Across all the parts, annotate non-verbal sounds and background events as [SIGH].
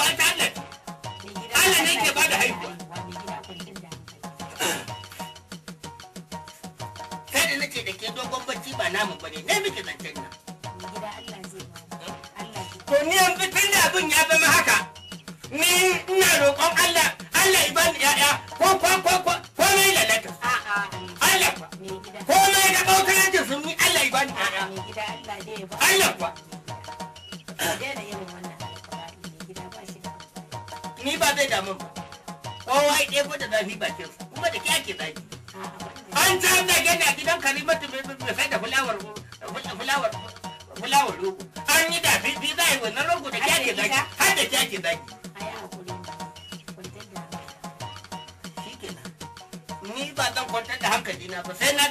haihuwa ta Allah Allah ne ke bada haihuwa kai da nake da ke dogon bacci ba namu ba ne muke zancen nan to ni an fitin da abin ya zama haka ni ina roƙon Allah Allah ya ni 'ya'ya damun ba kowa ya ɗebo da zafi bakin kuma da kya ke zafi an ta da gani a gidan kalimatu mai sai da fulawar fulawar fulawar rogo an yi da fifi za a yi wannan rogo da kya ke zafi har da kya ke zafi ni ba zan kwantar da hankali na ba sai na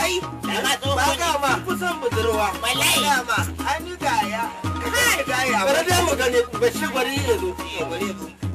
kai ba ma kusan budurwa wallahi ba ma an yi gaya kai gaya da mu ba shi ya zo bari ya zo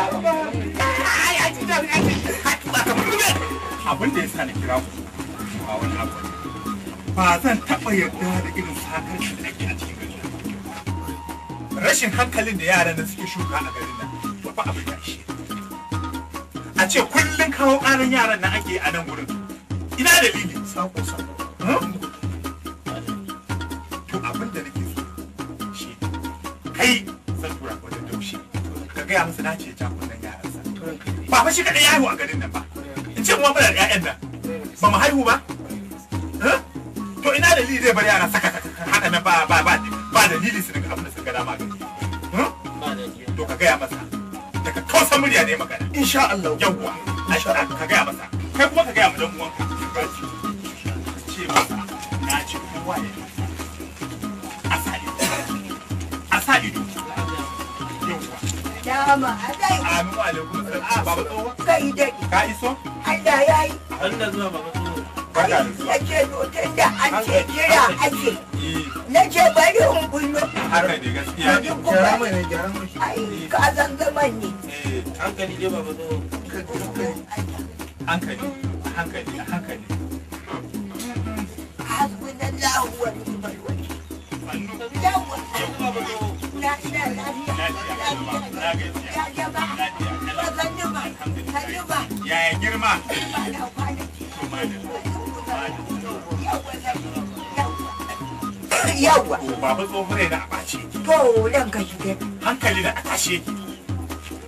abin da ya sa ni kira ku ba wani abu ba zan taɓa yarda da irin sakar da ake a cikin garin rashin hankalin da yaran da suke shuka a garin nan ba fa abin da shi a ce kullum kawo ƙarin yaran nan ake a nan wurin ina dalili sako sako hmm? gaya musu na ce can yaransa ba fa shi ya yaro a garin nan ba in ce kuma muna da ƴaƴan nan ba mu haihu ba to ina dalili zai bar yara saka haka na ba ba ba ba lili su daga abin da ga dama gari to ka gaya masa daga kausa murya ne magana insha Allah yawwa ka gaya masa kai kuma ka gaya ma dan uwanka ce masa na ce rahama amin wa alaikum salam ah, baba tsoho kai dadi ka iso Allah yayi Allah zuwa baba da zuwa an ce ake eh. na ce bari in bullo haka ne gaskiya ne gyara mai ne gyara mai ai ka ne eh, hankali dai baba hankali hankali hankali hasbunallahu wa ni'mal wakeel yawwa Yaya girma? Yawwa. Babu tsohon na a ɓace. To, ɗan ka shi Hankali na a tashe ki.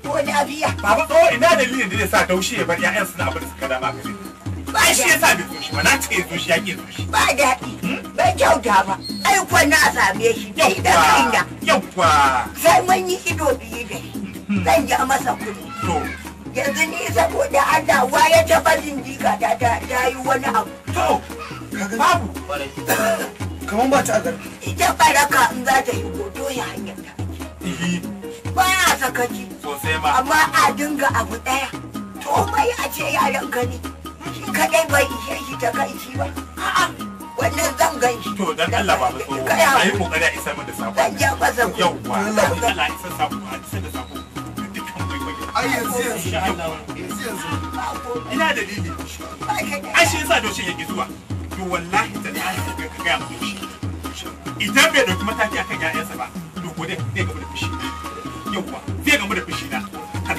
Wani abiya. Baba tsohon ina dalilin da zai sa taushe ya bar 'ya'yan suna abin da suka dama ka Ba shi ya sa bai zo shi ba, na ce ya zo shi ya ke zo shi. Ba daɗi, ban kyauta ba. gobe na same shi da da kaina yawa sai mun yi ido biyu da shi. Hmm. zan ja masa kuɗi yanzu ni saboda Allah waye ta barin jika ta ta yi wani abu to babu kamar ba ta agar ita baraka in za ta yi hoto ya hanyar ta baya sakaci sosai ma amma a dinga abu ɗaya. to mai a ce yaran ka Shi kadai bai ishe shi ta kai shi ba a'a wannan zan gan shi to dan Allah ba mu tsoro ayi kokari a isa mun da sako zan ja fasa ku yawwa Allah isa sako a isa da sako ai yanzu yanzu yanzu yanzu ina da dini ai shi yasa doshin yake zuwa to wallahi ta da ka ga mu shi idan bai dauki mataki akan 'ya'yansa ba to ko dai zai gamu da fushi yawwa zai gamu da fushi na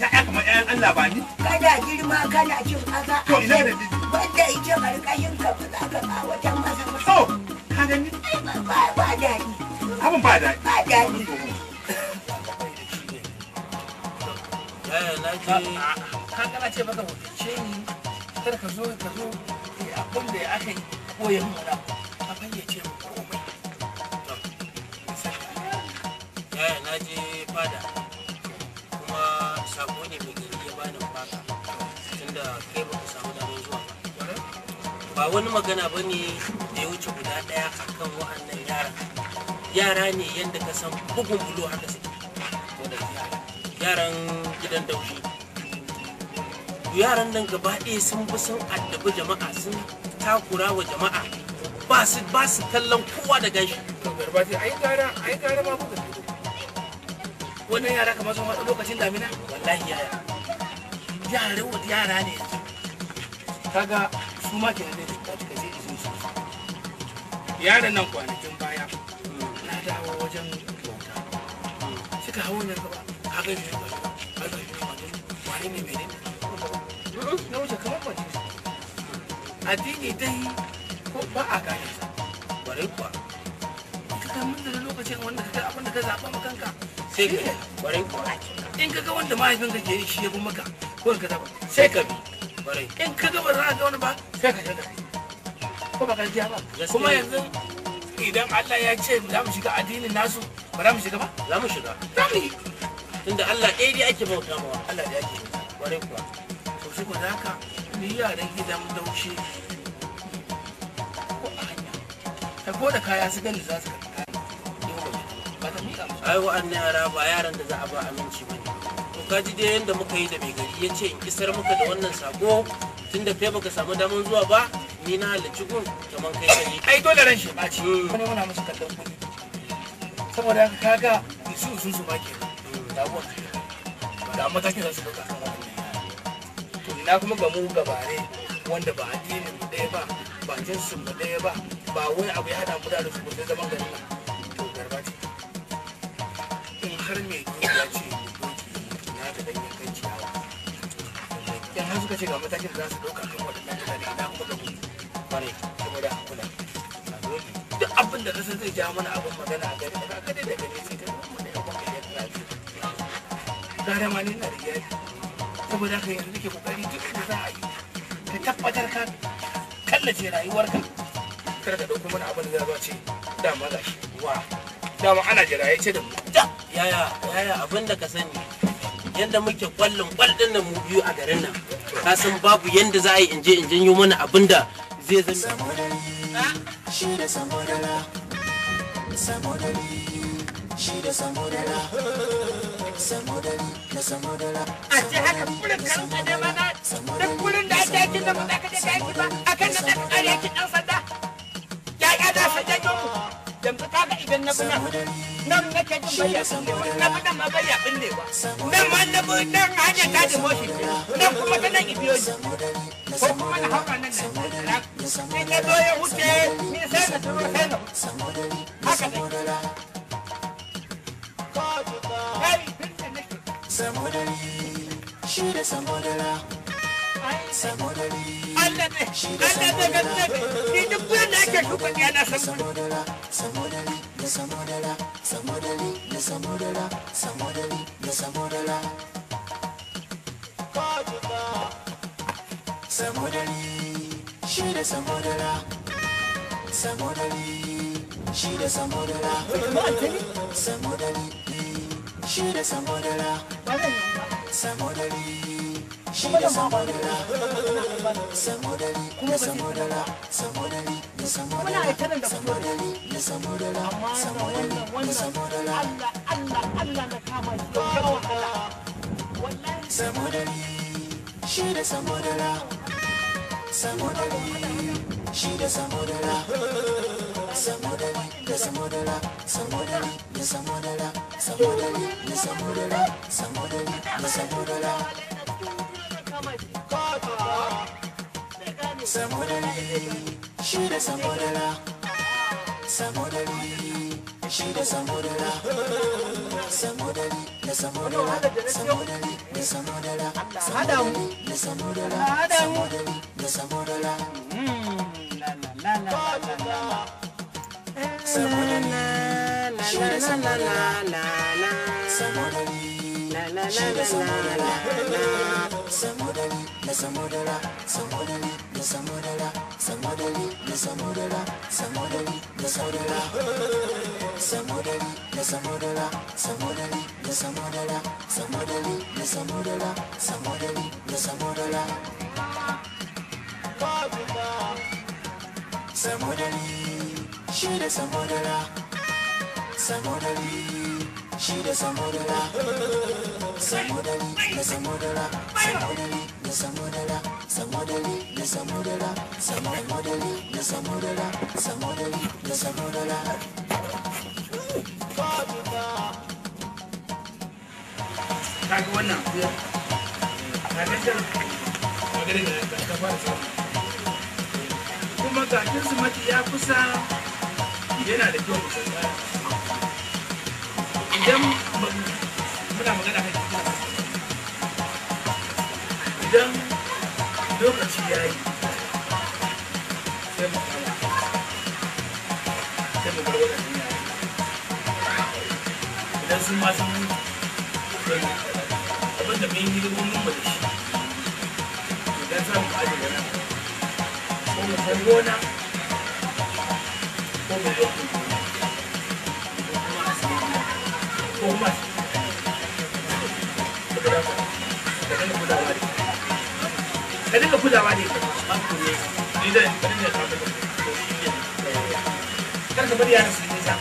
ya'ya kamar ya'yan Allah ba ni girma kana cin kaza to ina da ni wanda yake karkashin ka ka ka gani ba ba daɗi abin ba daɗi ba daɗi ni kar ka da aka yi eh, na je fada ne mai gari baka tunda kai ba ku samu damar zuwa ba wani magana ba ne da ya wuce guda ɗaya a kan wa'annan yara yara ne yadda ka san bugun bulo haka suke yaran gidan daushi yaran nan gaba ɗaya sun bi sun addabi jama'a sun takura wa jama'a ba su kallon kowa da ganshi. Ba su ai gara ai gara ba ku wannan yara kamar sun wasu lokacin damina wallahi yaya yara wata yara ne kaga su ma ke ne da ka je izin su yaran nan kwanakin baya na dawo wajen kyauta suka hawo ne gaba kaga ne ba yi ba wani ne mene na wuce kamar mace addini dai ko ba a gane sa bare kuwa ka kan mun da lokacin wanda ka abin da ka zaɓa kanka sai ka kwarai kwarai in ka ga wanda mahaifin ka ke shi ya fi maka ko ka taba sai ka bi kwarai in ka ga ba za ka wani ba sai ka shiga ko ba gaskiya ba kuma yanzu idan Allah ya ce za mu shiga addinin nasu ba za mu shiga ba za mu shiga za mu yi tunda Allah ɗaya dai ake bauta mawa Allah da ake kwarai kuwa to shi ko haka mu yi yaran gidan daushe ko a hanya ko da kaya su gani za su ai wa'annan yara ba yaran da za a ba aminci ba ne to kaji dai yadda muka yi da mai gari ya ce in isar muka da wannan sako tunda kai baka samu daman zuwa ba ni na halarci gun kamar kai sani ai dole ran shi ɓaci wani hmm. muna musu kallon kuɗi saboda haka kaga su sun su ma ke damuwa da matakin za su ɗauka kan wannan to ina kuma ga mu gabare wanda ba addinin mu ɗaya ba ba jinsin mu ɗaya ba ba wani abu ya haɗa mu da su ba sai zaman garin har mai ya ce na da ɗan yankan ciyawa yan har suka ce ga matakin da za su ɗauka kan waɗannan mutane na kuma da gudu kwarai saboda a kula duk abin da kasa zai ja mana abin magana a gari ka kadai da gari sai ka zama da yawan gari yana ce gara ma ne na da iyali saboda haka yanzu nake kokari duk da za a yi ka tabbatar ka kallace rayuwarka kar ka ɗauko mana abin da za ce dama ga shi wa dama ana jira ya ce da mu yaya yaya abin da ka sani yadda muke kwallon kwallon nan mu biyu a garin nan ka san babu yadda za a yi inje in janyo mana abin da zai zama shi da saboda la saboda ni shi da saboda la saboda ni da saboda la a ce haka kullum ka rinka nema na da kullum da ake aikin da mu za aka je ka aiki ba suna nan nake jin na bi dan bayya bindewa nan ma na bi dan hanya ta da moshi nan kuma ta nan ibiyo ko kuma na haura nan nan na na zo ya wuce ni sai na turo sai na haka ne kai bin da nake samudari shi da A Allah ne, Allah ne ga ni duk da ake shuka ne ana da samodala samo da samodala samo da samodala samodali shi da la. Samo da samodala samodali shi da la, samo da samodala samodali shi da la, samo samo da da li. shi da saboda saboda ni saboda la saboda ni saboda la saboda ni saboda la saboda ni saboda la Allah Allah Allah na kama shi da wahala wallahi saboda ni shi da saboda la saboda ni shi da saboda la saboda ni da saboda la saboda ni da saboda la saboda ni da saboda la saboda ni da saboda la Samo da ni, shi da samo da la. Samo da ni, shi da samo da la. Samo da ni, da samo da la. Samo da ni, da samo da la. Samo da ni, da samo da la. Samo da ni, da samo da la. La la la la la. Samo da ni, shi da samo da la. Samo da ni. da samudara da samudara samudari da samudara da samudara samudari shi da samudara samudari da samudara samudari da samudara samudari da samudara samudari da samudara samudari da samudara kaga wannan ya kaga can magana da ka fara kuma ya kusa yana da kyau mu idan muna magana kan idan lokaci ya yi sai mu kama sai mu bar waɗannan yara idan sun ma san wani abin da mun yi hidimomin mu da shi idan za mu aje wani ko mu kai gona ko mu yi so much. Ka ne. Ni zan ka dinga samun Kar ka bari yaran su nisa.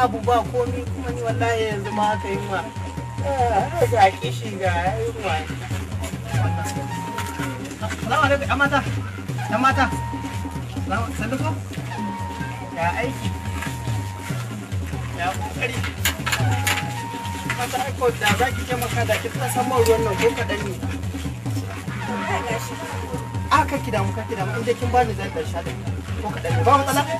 abu ba komi kuma ni wallahi yanzu ma haka yi ma ga kishi ga yi ma Salamu alaikum ɗan mata ɗan mata sannu ko ya aiki ya kokari mata aiko da za ki taimaka da ki san man ruwan nan ko kaɗan ne a kaki damu kaki damu inda kin bani zan ɗan sha da ko kaɗan ne ba matsala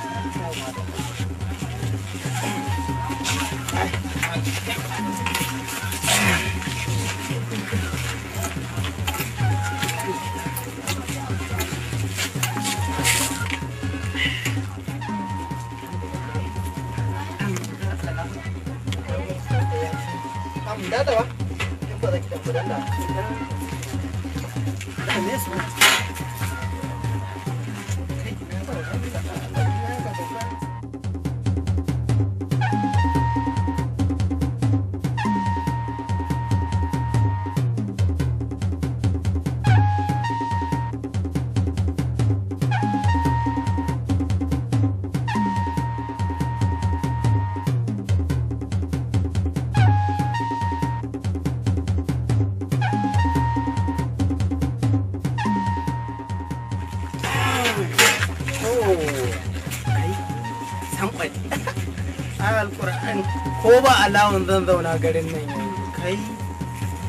ko ba alawun zan zauna garin nan kai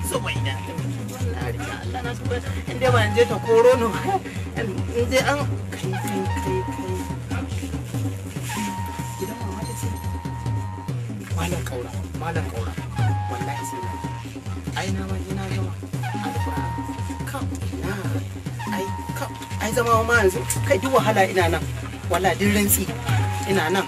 zubaida Allah na in in je ta koro no [LAUGHS] in je an kai kai kai kai malam kaura malam kaura wallahi sai ai na ma ina gama kam ai kam ai zama ma yanzu kai duk wahala ina nan wallahi din rantsi ina nan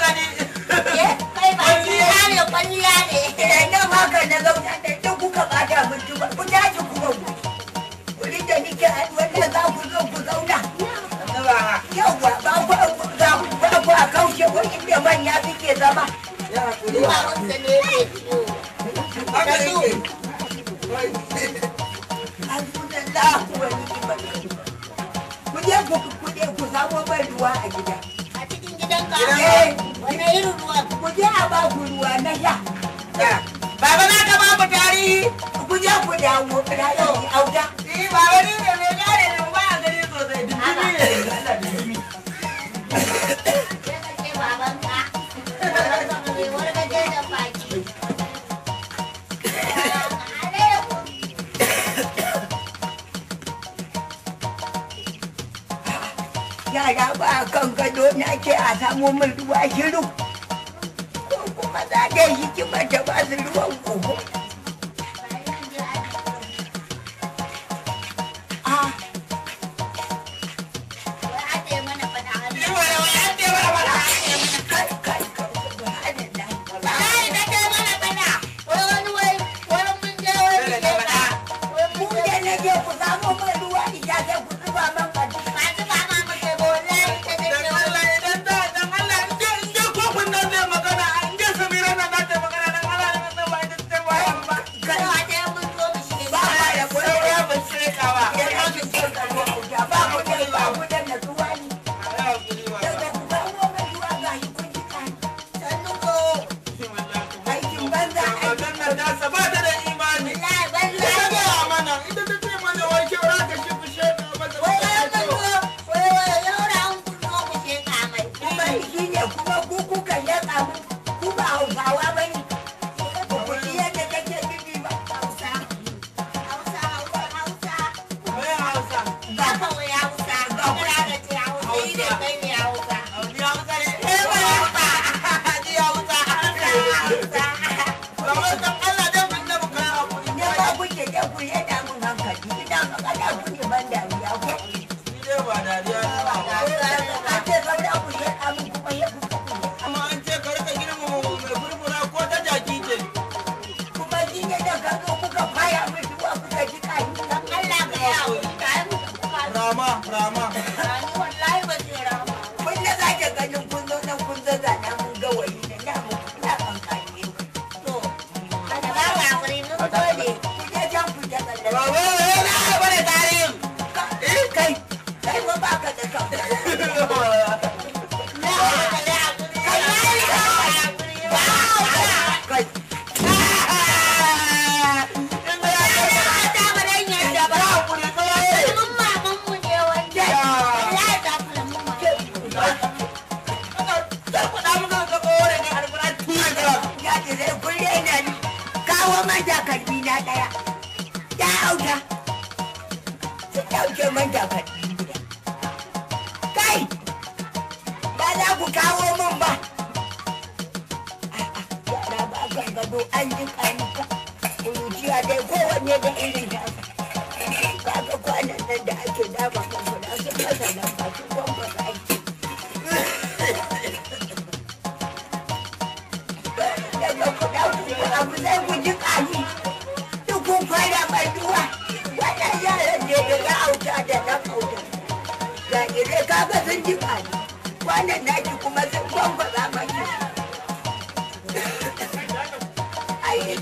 gani eh, kai ba ne kwalliya ne eh, nan na zauna da duk kuka bata mutu ba ku ku wurin ku zauna ba ku a kaushe zama ya Ku je ku ku ban ruwa a gida. A cikin gidan eh, wane irin ruwa? Ku je a ba ku ruwa na Baba na ka ba mu tarihi. Ku je ku dawo. Ku dawo. Auta. Ni eh, baba ni ne mai gane nan ba a gani sosai. Dindini samo min ruwa shiru ko kuma za ta kima ta ba su ruwan kogo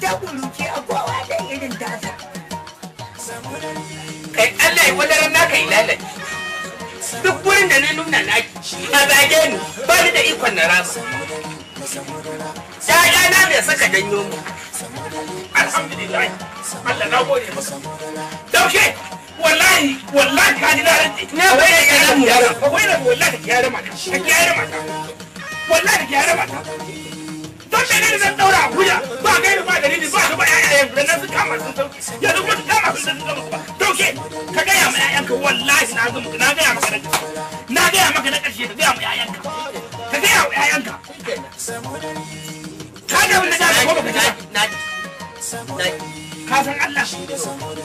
ta kuruce a kowa da irin tasa kai Allah ya wadaran naka ilalai duk wurin da na nuna na a zage ni ba ni da ikon na rasu ya'ya na bai saka janyo mu alhamdulillah Allah na gode masa daushe wallahi wallahi ka ji na rantsi na bai da yaran mu yaran wallahi ka gyara mata ka gyara mata wallahi ka gyara mata menene zan daura akuya ba gaira ba dalili ba gaba yayayen da nan sun kama sun sauke yanzu kuma sun kama sun sun gama ba dauke ka gaya ma yayanka wallahi na gama na gaya maka na na gaya maka na ƙarshe ka gaya ma yayanka ka gaya ma yayanka ka ga mun da ko ba ka na na ka san Allah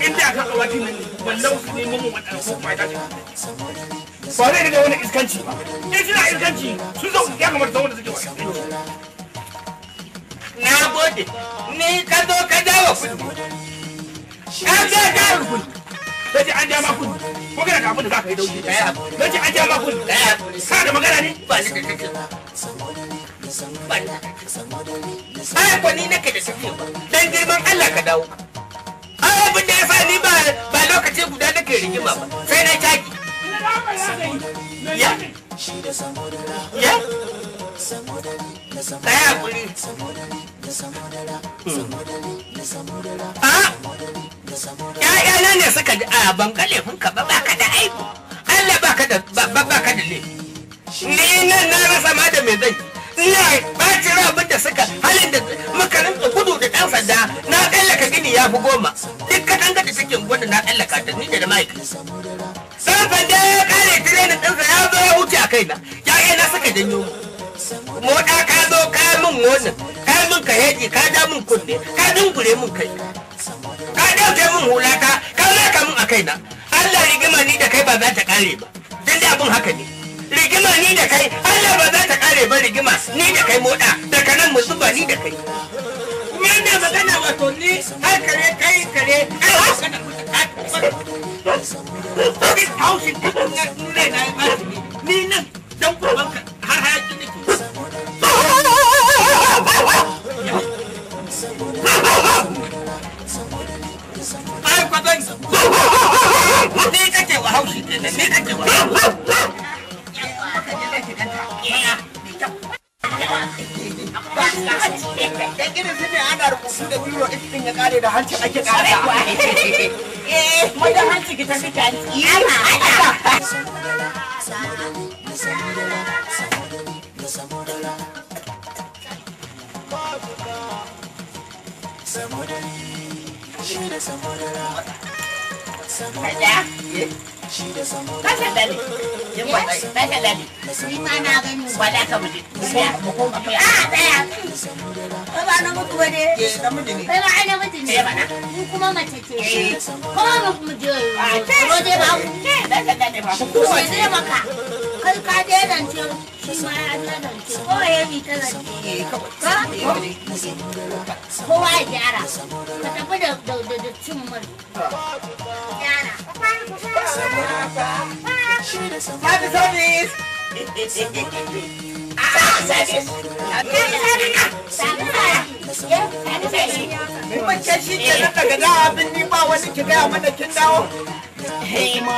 in da ka kawaki nan wallau su ne mun wannan ko ba da ba zai daga wani iskanci ba in suna iskanci sun zo ya kamar zaune da suke wa iskanci na gode ni ka zo ka dawo kudu ka zo ka rubuta kaji an ja ma ko kana da abin da za ka yi dauki kaji an ja ma kudu ka da magana ne ba ni Ai ko ni nake da safiya dan girman Allah ka dawo ai abin da ya sa ni ba ba lokaci guda nake rigima ba sai na taki ya ya Ɗaya kuri. Hmm. ne suka ji a ban ga laifinka ba ba ka da aiko. Allah ba ka da ba ka da laifi. Ni nan na rasa ma da me zai. Ina ɓaci rabin da suka halin da muka rinka gudu da ɗan sanda na tsallaka gini ya fi goma. Duk katanga da cikin gwada na tsallaka ta ni da da ma'aikata. Ɗan ya kare tirenin ɗinsa ya zo ya wuce a kaina. ‘Ya'yana suka janyo mu. moɗa ka zo ka min wani ka min ka heji ka ja min kunne ka dungure min kai ka ke min hulata ka laka min a kaina Allah rigima ni da kai ba za ta kare ba dan da abun haka ne rigima ni da kai Allah ba za ta kare ba rigima ni da kai moɗa daga nan musuba ni da kai kuma wannan magana wato ni har kare kai kare kai haka da kuma ka na ni nan dan ka har hayakin nake ai kwatan ana da biro ɗin da hanci shi da samodara samodara shi da kasa dale yin gwada kasa dale ni ma na gani gwada ka mu mu koma mu a y'a ba ba na mutu ba ne na mutu ne ba ai na mutu ne ba kuma mace ce kuma mu je a ce ba ku ke kasa dale ba ku kuma je maka kai ka daidance shi ma ya daidance ko ya mi ta zance kowa ya gyara ka tafi da cin mur gyara Happy service! Ah, happy Happy da abin ma.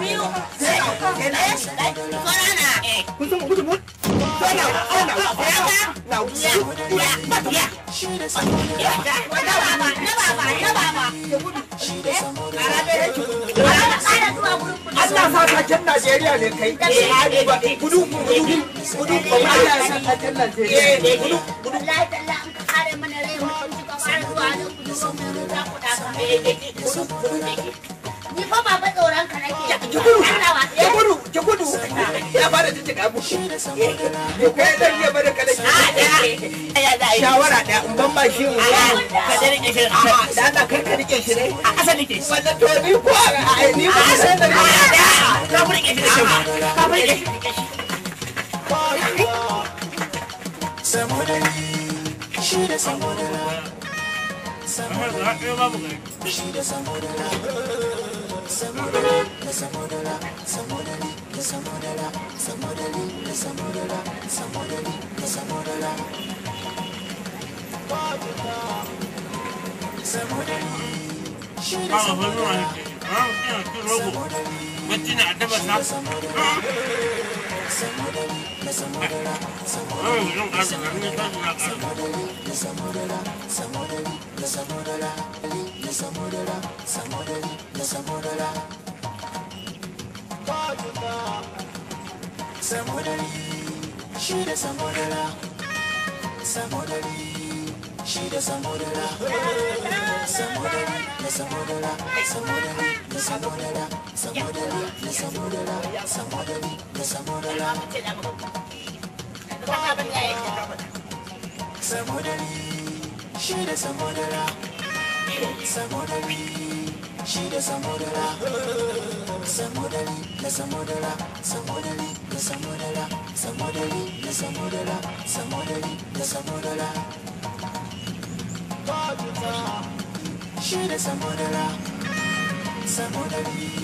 biyu uku hudu na ne kai Ni fa ba fa tsoron ka nake. Ki gudu, ki gudu, ki gudu. Ya fara jijjiga abu. Ni kai dan ya bada kada ah, eh, Shawara da in ban ba shi in ah, Ka da rike shi. A da ta kar ka rike shi ne. A kasa nake. Wanda to ni ko ni ba san da. Ka rike shi da shi. Ka rike shi. Shi da samu da da haɗe babu gari. Shi da samu da Samudera, Samudera, Samudera, Samudera, samudara samudari na samudara da da na na na na da samudari shi da samudara samudari da samudara samudari da samudara samudari da samudara samudari da samudara shi da samudara samudari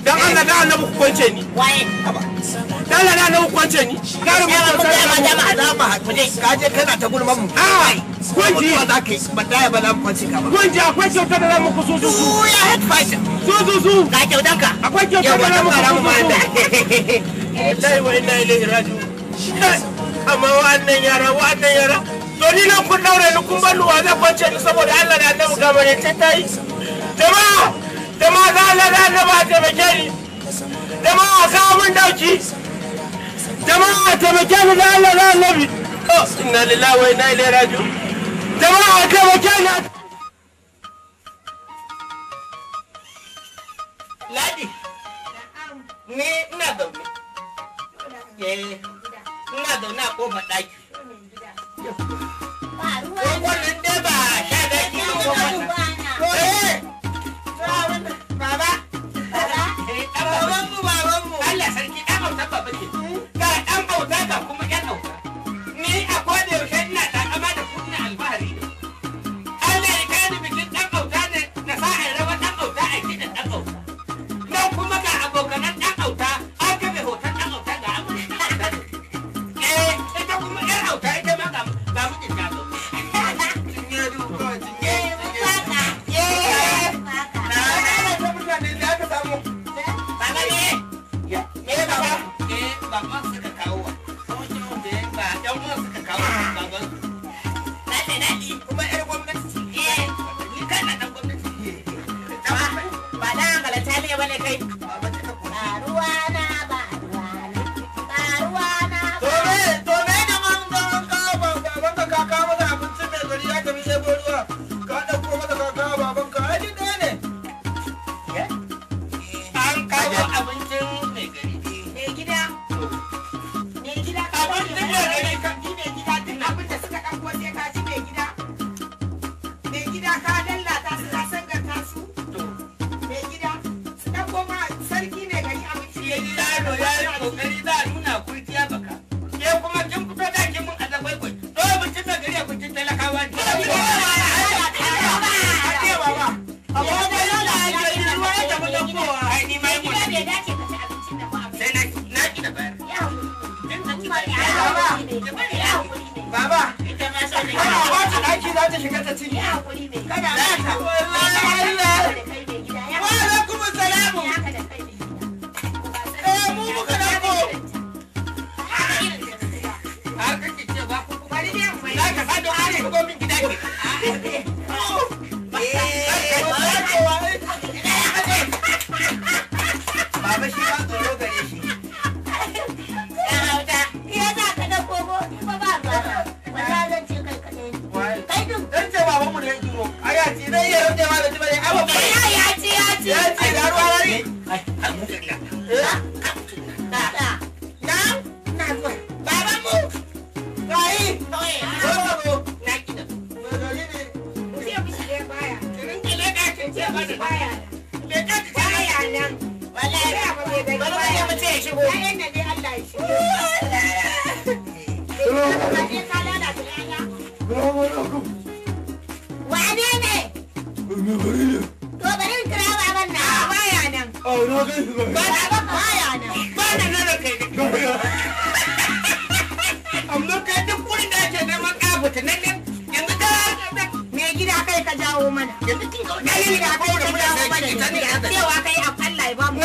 dan Allah dan Allah ku kwance ni waye dan Allah dan Allah ku kwance ni na rubuta sai ma jama'a za mu haɗu ne ka je kana ta gulma mu a ah, kwanji ba za ka yi ba ta ba za mu kwance ka ba kwanji akwai kyauta da za mu ku susu su ya head fighter su su su ga kyautan ka akwai kyauta da za mu ku susu wallahi wa inna ilaihi raji'un amma wa'annan yara wa'annan yara to ni nan kun daure ni kun bar wa zan kwance ni saboda Allah da Annabi ga mare ta yi jama'a jama'a ta Allah da annaba taimake ni jama'a samun dauki jama'a taimake ni da Allah oh, inna lillahi wa inna ilaihi raji'un ni ladi ni ina eh, ina a kofar ɗaki ko wannan dai ba sha daki ko 나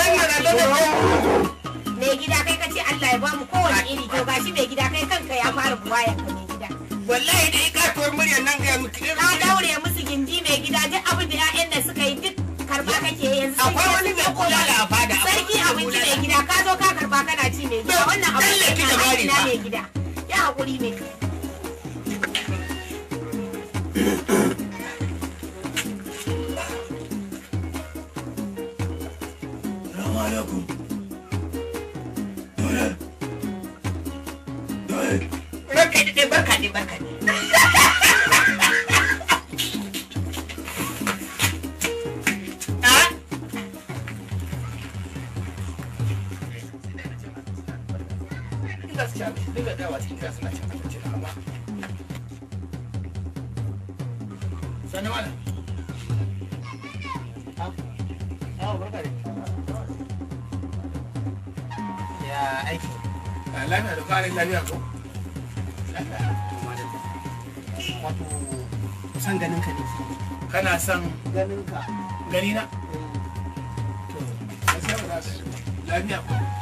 mai gida kai kace Allah ya bamu kowane iri to gashi mai gida kai kanka ya fara buwayan kai mai gida wallahi da ikatuwar muryar nan ga mu ka daure musu gindi mai gida duk abin da ƴaƴan da suka yi duk karba kake yanzu akwai wani mai kula da fada sarki abinci mai gida ka zo ka karba kana ci mai gida wannan abin da mai gida ya hakuri mai barka ne barka ne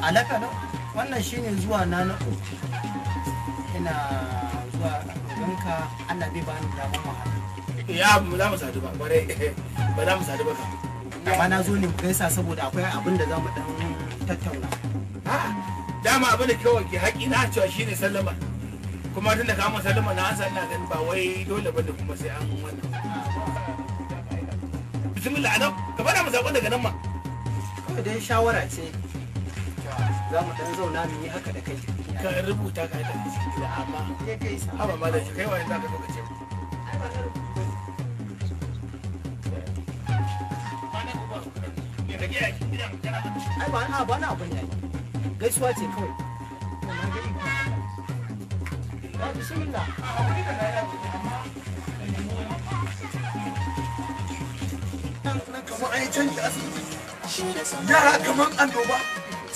alaka da wannan shine zuwa na na uku ina zuwa ɗanka Allah bai bani damar wahala ya mu za mu sadu ba bare ba za mu sadu ba ka amma na zo ne mu gaisa saboda akwai abin da za mu dan tattauna dama abin da kawai ke haƙi na cewa shine sallama kuma tun da kama sallama na an sanna gani ba wai dole ba da kuma sai an wannan bismillah adam ka bada mu sakon daga nan ma kawai dai shawara ce za mu dan zauna mu yi haka da kai ka rubuta ka da haba da shi kai wani za ka ai ba na ba na abin gaisuwa ce kawai bismillah nan an yi canji asibiti yara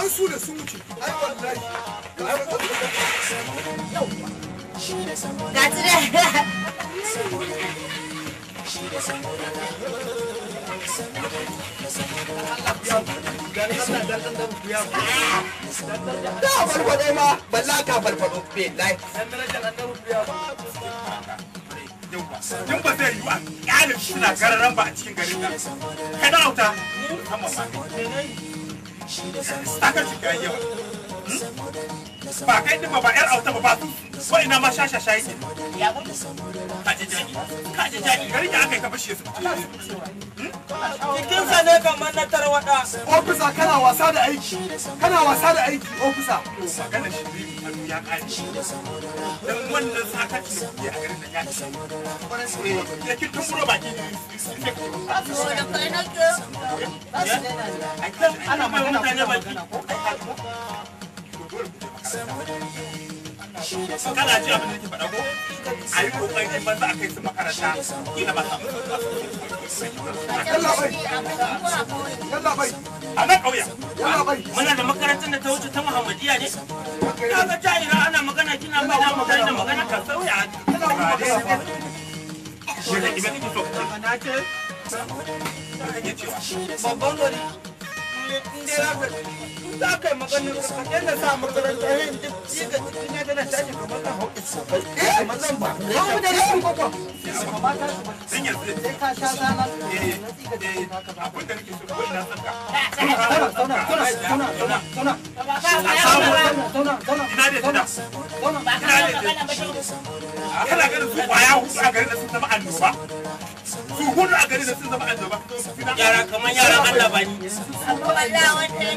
an su da sun wuce ai wallahi ga ma, ballaka barfado, bai lai. ba. yau ba zai yiwu a ƙalin suna gararan ba a cikin garin nan ka da auta mu musamman ma kai stakar yawa hmm? ba kai din ba yar auta ba ba su ko ina ma shasha shayi ne ya gudu ka ji jaki ka ji gari da aka yi ka su cikin sa ne kamar na tarwada ofisa kana wasa da aiki kana wasa da aiki ofisa magana shi ne ya kare dan wannan sakaci ne a garin nan ya ci eh, ya ki tumburo baki ne kana ji abin da ke faɗa ko a yi kokari ban za a kai su makaranta kila ba a nan muna da makarantar da ta wuce ta ne ka ga ana magana kina da magana da magana ka sauya shi ibe na ce babban gari za ka yi maganin ka sa makaranta yin ya tana tashi kamar kan hau isa ba da kwakwa su ba sai ka sha su eh, na eh, ba abin da na su hudu a da sun zama annoba yara kamar Allah ba ni Allah wanda ya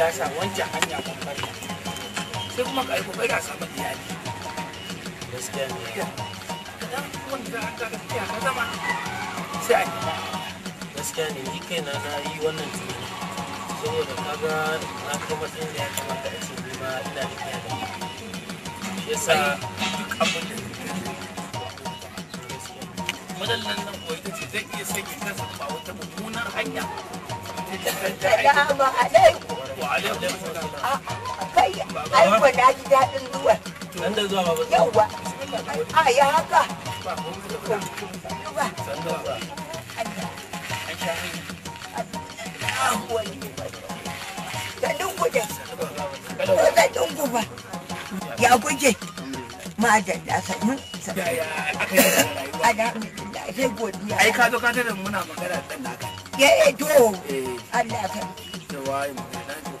siyasa wancan hanya kun bari sai kuma ka yi kokari a samu iyali gaskiya ne dan wanda an ka gaskiya ka zama sai a gida gaskiya ne ni kai na na yi wannan tunani saboda kaga na kai matsayin da ya kamata a ce ni ma ina da iyali shi yasa duk abin da madallan nan kuwa ita ce zai iya sanya kansa ba wata mummunar hanya. Da ba a dai Kai, ai ko na ji daɗin zuwa. Nan da zuwa ba. Yawwa. A ya haka. Da dungu ba. Ya kuke. Madalla sannu. Alhamdulillah sai godiya. Ai ka zo ka tare muna magana da naka. Eh to. Eh. Allah ka. Da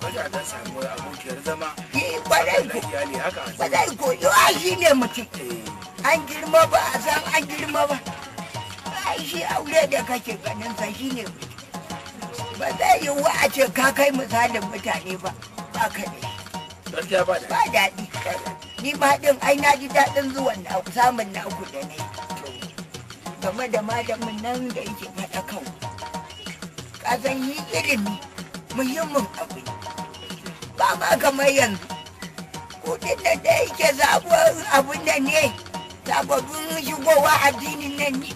Eh. ba a an da kake ganin sa shi ne ba zai yiwu a ce ka kai misalin mutane ba ba ka ba daɗi ni ma din ai na ji daɗin zuwan samun na da ne game da malamin nan da yake faɗa kan ka san yi ilimi muhimmin abu ne ba ma kamar yanzu kudin da da yake zabuwar abin da ne sababbin shigowa addinin nan ne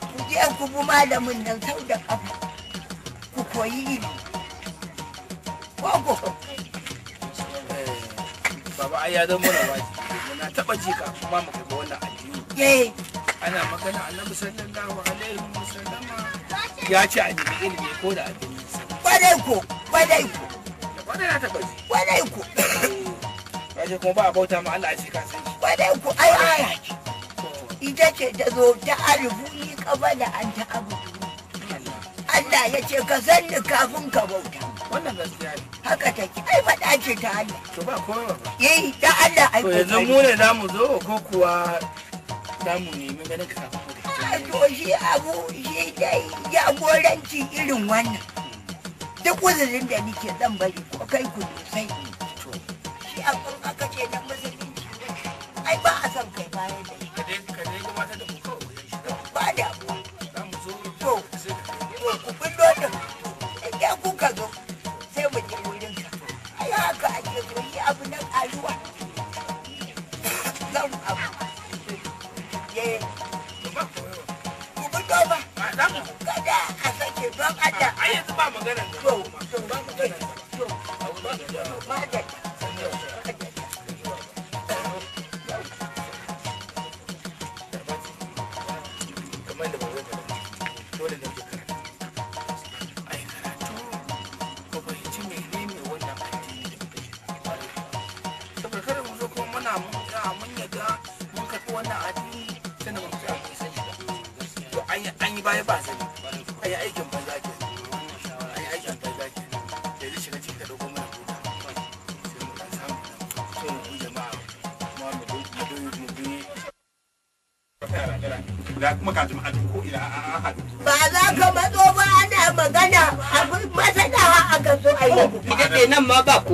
ku je ku bi malamin nan sau da kafa ku koyi ilimi koko eh, baba ai ya zama na wani muna taba ji ka kuma mu kai wannan addini eh. ana magana annabi sallallahu alaihi wasallam ya ce a ne ilimi ko da addini kwarai ko kwarai ko Kwadai ta kwadai. Kwadai ku. Kaje kuma ba a bauta ma Allah a ce ku ai Ita ce ta zo ta alifu ni da an ta abu. Allah ya ce ka san ni kafin ka bauta. Wannan gaskiya ne. Haka take ai faɗa ce ta Allah. To ba ba. Eh ta Allah ai. To yanzu mu ne zo ko kuwa nemi ganin ka kafin. Ah, to shi abu shi dai jagoranci irin wannan. duk uzurin da nike zan bari ko kai ku sai to shi a kun aka ce dan musulunci ai ba a san kai bayan da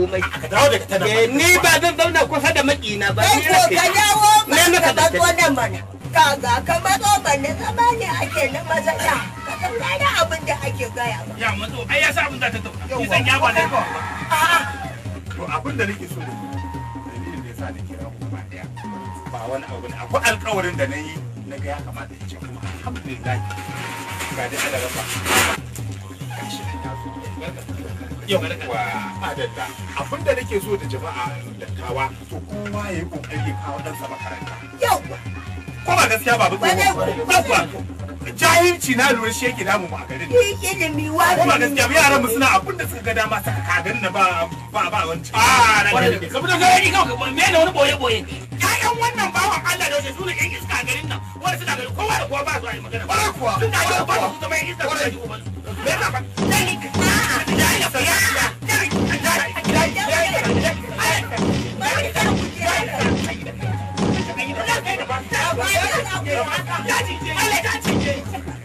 komai eh, ni ba zan zauna kusa da makina ba ni ko ka dawo ba ka ba wannan mana kaga ka matso banne zamani ake na mazana ka san gane abin da ake gaya ba ya matso ai ya sa abin da ta tauka ni zan ya ba da ko a'a to abin da nake so dalilin da yasa nake rabu ba daya ba wani abu ne akwai alƙawarin da na yi na ga ya kamata in ce kuma alhamdulillah ga da Allah ba shi yau wa adalla abin da nake so da jama'a dattawa to kowa ya yi kokari kawo ɗansa makaranta yau ko ba gaskiya ba jahilci na lura shi yake damu a garin ni yake da mi wa kuma yaran mu suna abin da suka ga dama suka kagan na ba ba ba wani a ran da saboda ga ni kawai me ne wani boye boye ƴaƴan wannan bawan Allah da wajen su ne iska a garin nan wani suna garin kowa da kowa ba su a yi magana ba kuwa sun da ba su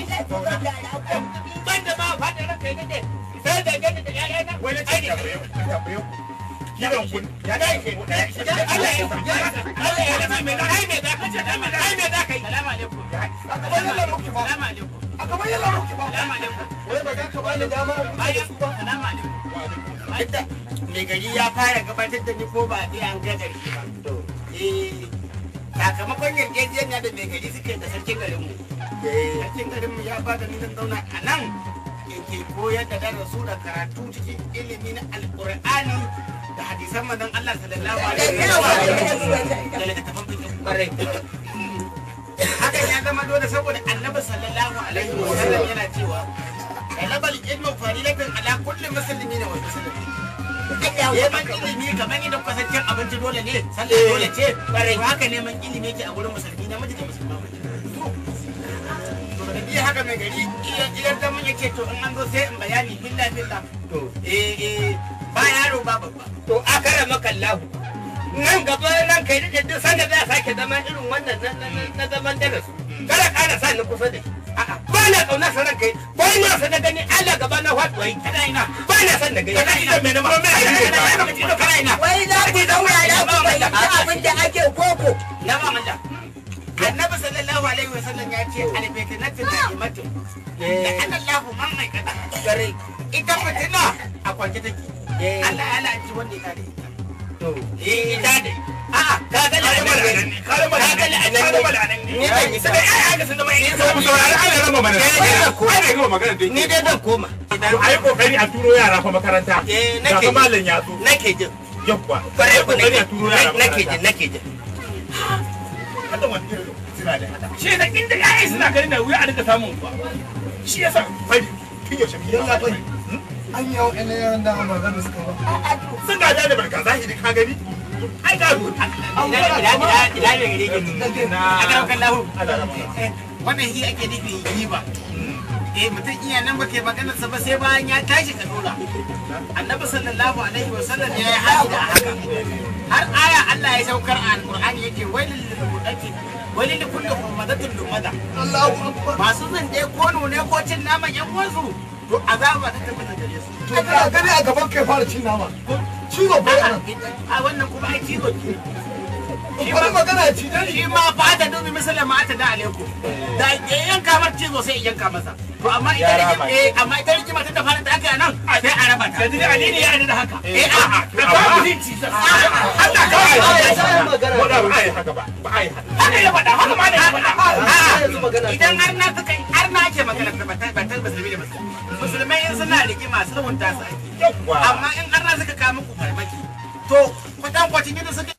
ban da ma da da na da da da ba mai gari ya fara gabatar da ni ko ba an ga gari ba eh, da mai gari suke da sarkin garinmu eh a cikin garin ya bada da zan zauna a nan ke koyar da darasu da karatu cikin ilimi na alqur'ani da hadisan manzon Allah sallallahu alaihi wasallam hakan ya zama dole saboda annabi sallallahu alaihi wasallam yana cewa talabal ilmu farilatan ala kulli muslimin wa muslimin neman ilimi kamar yadda kuka san cin abinci dole ne sallah dole ce eh. haka neman ilimi ke a gurin musulmi namiji da musulma iya haka mai gari iya zama ya ce to in an zo sai in bayani to eh, eh ba yaro ba babba to maka nan gaba nan kai da duk za a sake zama irin wannan na zaman darasu kada kara sa ni kusa da a'a ba na kauna san ranka ba na san na gani Allah gaba na faduwa Wai kada ina ba na san na gani kada ina mai na mai kada ina wai ku da ku abin da ake koko na ba annabi sallallahu alaihi wasallam ya ce alfitinatin na imatin da eh. anallahu man mai kada gare ita fitina a kwanci take eh. Allah ya la'anci wanda eh, ita ne ni dai ni zan koma ai kokari a turo yara fa makaranta eh nake ga malam ya jin yabba bare ku nake turo yara nake na ke jin haɗa wani irin suna da shi da inda ƴaƴan suna gari na wuya a rika samun kuwa shi yasa fari kin yaushe kin yalla fari hmm? an yi hawa ɗan yaran da amma zan suka ba sun ga da barka zahiri ka gani ai ga go ina ina ina ne gare ke a ga kan lahu eh, eh, wannan shi ake nufi giba hmm? eh mutum iya nan ba kai maganar sa ba sai bayan ya tashi ka dora annabi sallallahu alaihi wasallam ya yi hali da haka har aya Allah ya saukar a Al-Qur'an yake wailul lil mutakin wani da kullu humadatin lumada masu zan dai ko nune ko cin nama yan uwansu to azaba ta da gare su to ka gani a gaban kai fara cin nama ciwo bai a wannan kuma ai ciwo ke shi ma magana ci dan shi ma ba ta dubi misalin ma ta da alaikum da yan kamar cizo sai yan ka sa. to amma ita rigima eh amma ita rigima ta fara da aka nan sai a raba ta yanzu ali ne ya da haka eh a a da ba mutunci Allah ka ba ai haka ba ba ai haka haka ya faɗa haka ma ne ya idan har na suka har na ke magana ba ta ba ta musulmi ne musulmai in suna rigima sulhunta su amma in har na suka kawo muku farmaki to kwatankwacin yadda suka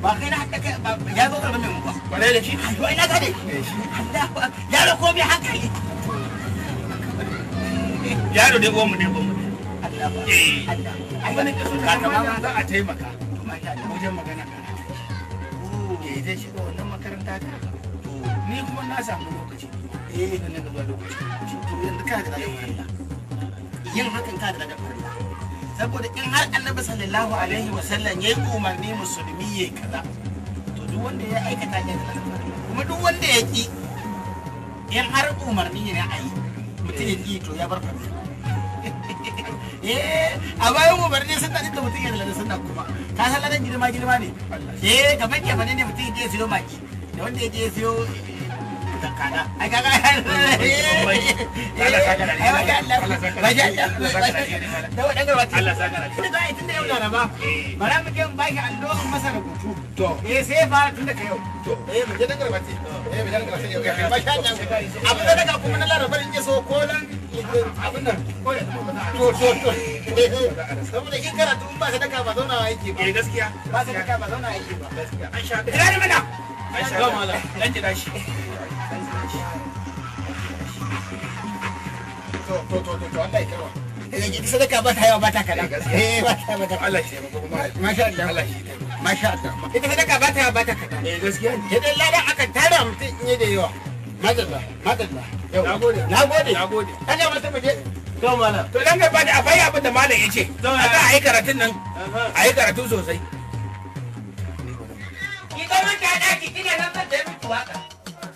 ba kai na hatta kai ya zo karɓar mai kwarai da shi ayo ina ga dai yaro ko mai hankali yaro dai goma dai goma eh ka kamar za a taimaka wajen magana eh zai shiga wannan makaranta ta ni kuma na samu lokaci eh na gaba lokaci yanzu ka da yin hakan ka da saboda in har annabi sallallahu alaihi wasallam ya yi umarni musulmi ya yi kaza to duk wanda ya aikata ya kuma duk wanda ya ki in har umarni ne a yi mutum ya ki to ya bar fasi [LAUGHS] eh, a bayan umarni sun da duka mutum ya da sunna kuma ka san ladan girma girma ne eh kamar ke ne mutum ya je siyo maki da wanda ya je siyo kaga ai kaga ga malam ji to to to to Allah ya karwa sadaka ba ta yawa ba kaɗan eh ba ta ba Allah ya taimako kuma masha Allah masha Allah ita yawa kaɗan eh gaskiya ne tara mutum in yi da yawa madalla madalla je to to dan abin da malam a ga karatun nan karatu sosai ki ga mun ta daki kina nan zan da mutuwa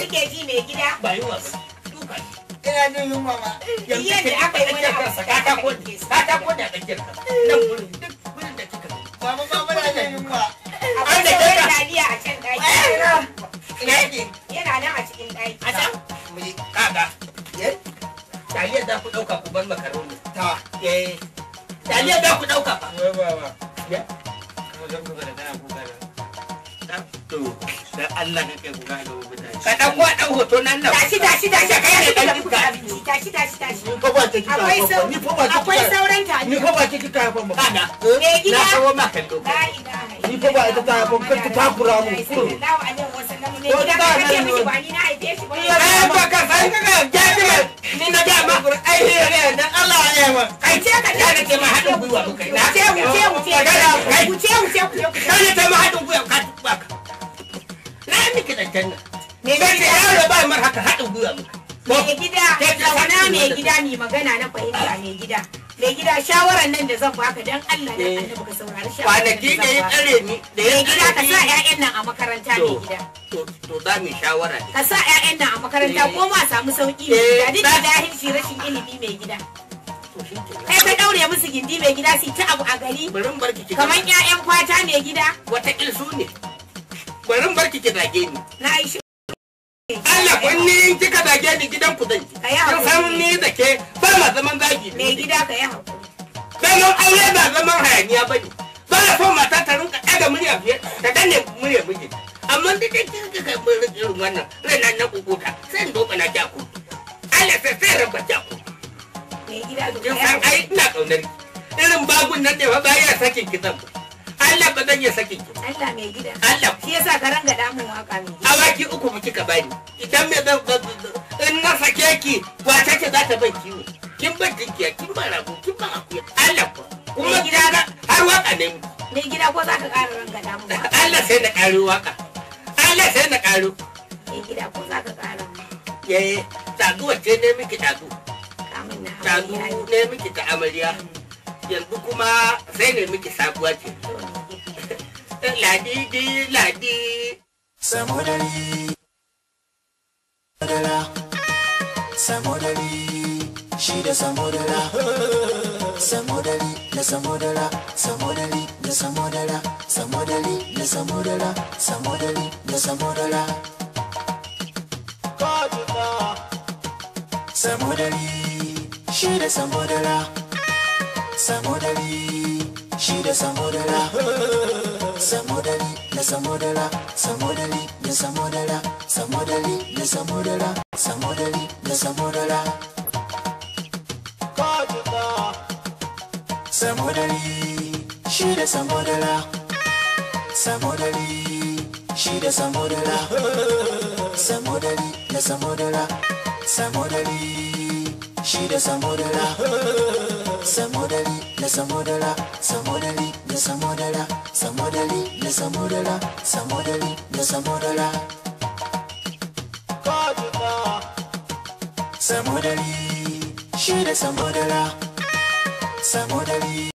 suke ji mai gida bai wasu duka ina jin yunwa ma yanzu da aka yi wani abu sakata ko da sakata ko nan gurin akwai sauran ta ni fa ba ki kika haifan ba kana gida na kawo ma kallo ni fa ba ita ta haifan kar ta takura mu ko da ba na ni ba ni na haife shi ba ka ka sai ka ga ga ni na ga ma ai ne dan Allah ya ma kai ce ka ta ce ma hadin gwiwa mu kai na ce mu ce mu ce kai ku ce mu ce ku kai ta ma hadin gwiwa ka ba ka na miki da janna ne ne yaro ba mar haka hadin gwiwa mu mai gida zauna gida mai magana na shawarar da zan baka don Allah dan Allah, eh. ka saurari shawarar kwanaki da ya tsare ni da ya gida ka sa ƴaƴan nan a makaranta ne gida to za mu shawara ka sa ƴaƴan nan a makaranta eh. ko ma samu sauki ne eh, da duk da jahilci rashin ilimi mai gida kai ka daure musu gindi mai gida su ta abu a gari kamar ƴaƴan kwata mai gida wata su ne bari barki ki zage ni na yi Allah kun ni kika zage ni gidan ku zan ki. Ka yi haƙuri. Kun san ni zake ba ma zaman zagi. Me gida ka yi haƙuri. zaman aure ba zaman hayaniya ba ne ba na mata ta rinka ɗaga murya fiye ta danne murya miji amma duk da kin ga kai mun rinka irin wannan raina na ta sai in doka na jako Allah sai sai ran bata ku kin san ai ina kaunar irin bagun nan da ba ya sakin kitan Allah ba zan iya sakin ki Allah mai gida Allah shi yasa ka ranga da mun waka mai gida awaki uku mu kika bani idan me zan in na sake ki wace ce za ta ban kiwo kin ban dinkiya kin ban rago kin ban gida ko za ka ƙara rangada mu Allah sai na ƙaro waka Allah sai na ƙaro eh gida ko za ka ƙara eh tagu wace ne miki tagu tagu ne miki ta amarya yanzu kuma sai ne miki sabuwa ce [LAUGHS] ladi di ladi samu dari samu dari shi da samu dari samu dari samodara samodali da samodara samodali da samodara samodali da samodara kajuta samodali shi da samodara samodali shi da samodara samodali da samodara samodali da samodara samodali da samodara samodali da samodara she samodari shi da samodara samodari shi da samodara samodari da samodara samodari shi da samodara samodari da samodara samodari da samodara samodari da samodara samodari da samodara samodari shi da samodara samu dari